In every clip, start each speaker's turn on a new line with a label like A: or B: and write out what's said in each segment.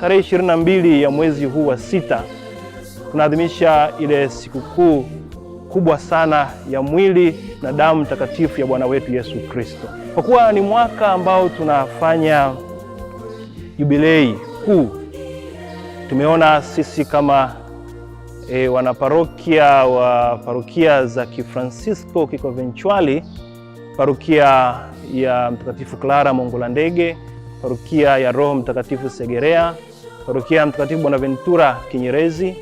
A: tarehe 22 ya mwezi huu wa sita tunaadhimisha ile sikukuu kubwa sana ya mwili na damu takatifu ya Bwana wetu Yesu Kristo. Kwa kuwa ni mwaka ambao tunafanya jubilei kuu, tumeona sisi kama e, wanaparokia wa parokia za Kifransisko Kikonventuali, parokia ya Mtakatifu Clara Mongola Ndege Parokia ya Roho Mtakatifu Segerea, Parokia ya Mtakatifu Bonaventura Kinyerezi,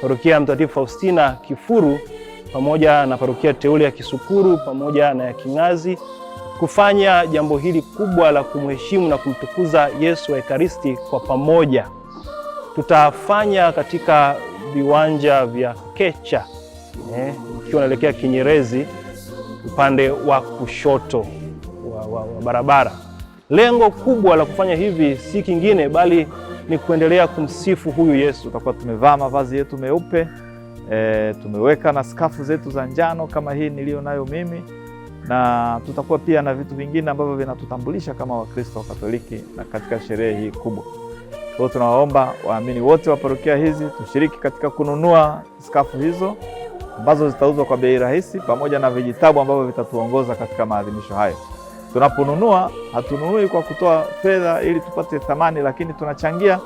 A: Parokia ya Mtakatifu Faustina Kifuru pamoja na Parokia Teule ya Kisukuru pamoja na ya King'azi kufanya jambo hili kubwa la kumheshimu na kumtukuza Yesu wa Ekaristi kwa pamoja. Tutafanya katika viwanja vya Kecha eh, ikiwa eh, unaelekea Kinyerezi upande wa kushoto wa, wa, wa barabara. Lengo kubwa la kufanya hivi si kingine bali ni kuendelea kumsifu huyu Yesu. Tutakuwa tumevaa mavazi yetu meupe e, tumeweka na skafu zetu za njano kama hii niliyo nayo mimi, na tutakuwa pia na vitu vingine ambavyo vinatutambulisha kama Wakristo wa Katoliki na katika sherehe hii kubwa. Kwa hiyo tunawaomba waamini wote wa parokia hizi tushiriki katika kununua skafu hizo ambazo zitauzwa kwa bei rahisi pamoja na vijitabu ambavyo vitatuongoza katika maadhimisho hayo. Tunaponunua hatununui kwa kutoa fedha ili tupate thamani, lakini tunachangia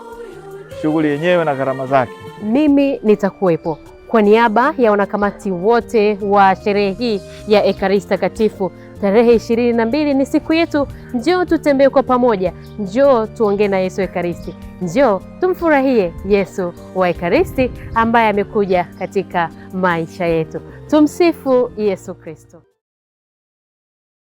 A: shughuli yenyewe na gharama zake.
B: Mimi nitakuwepo kwa niaba ya wanakamati wote wa sherehe hii ya Ekaristi Takatifu. Tarehe ishirini na mbili ni siku yetu. Njoo tutembee kwa pamoja, njoo tuongee na Yesu Ekaristi, njoo tumfurahie Yesu wa Ekaristi ambaye amekuja katika maisha yetu. Tumsifu Yesu Kristo.